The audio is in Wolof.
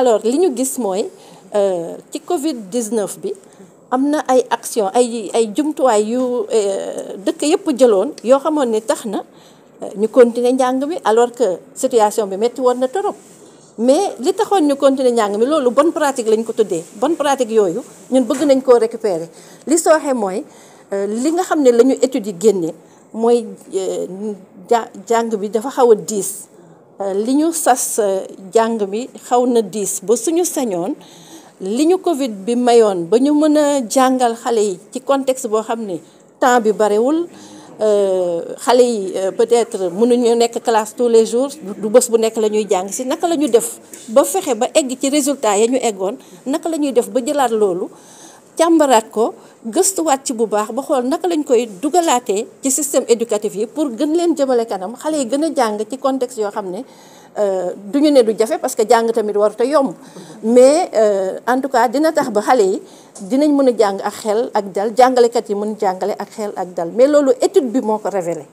alors li ñu gis mooy euh, ci Covid 19 bi am na ay action ay ay jumtuwaay yu euh, dëkk yëpp jëloon yoo xamoon ni tax na euh, ñu continuer njàng mi alors que situation bi metti woon na torop mais li taxoon ñu continuer njàng mi loolu bonne pratique lañ ko tuddee bonne pratique yooyu ñun bëgg nañ koo récupérer li sooxe mooy li nga xam ne lañu ñu yi génnee mooy euh, jàng bi dafa xaw a diis euh, li ñu sas euh, jàng bi xaw na diis ba suñu sañoon li ñu Covid bi mayoon ba ñu mën a jàngal xale yi ci contexte boo xam ne temps bi barewul xale yi peut-être mënuñu nekk classe tous les jours du bës bu nekk la ñuy jàng si naka la ñu def ba fexe ba egg ci résultat ya ñu eggoon naka la ñuy def ba jëlaat loolu càmbaraat ko gëstuwaat ci bu baax ba xool naka lañ koy dugalaatee ci système éducatif yi pour gën leen jëmale kanam xale yi gën a jàng ci contexte yoo xam ne euh, du ñu ne du jafe parce que jàng tamit warut a yomb mais euh, en tout cas dina tax ba xale yi dinañ mën a jàng ak xel ak dal jàngalekat yi mën jàngale ak xel ak dal mais loolu étude bi moo ko révélé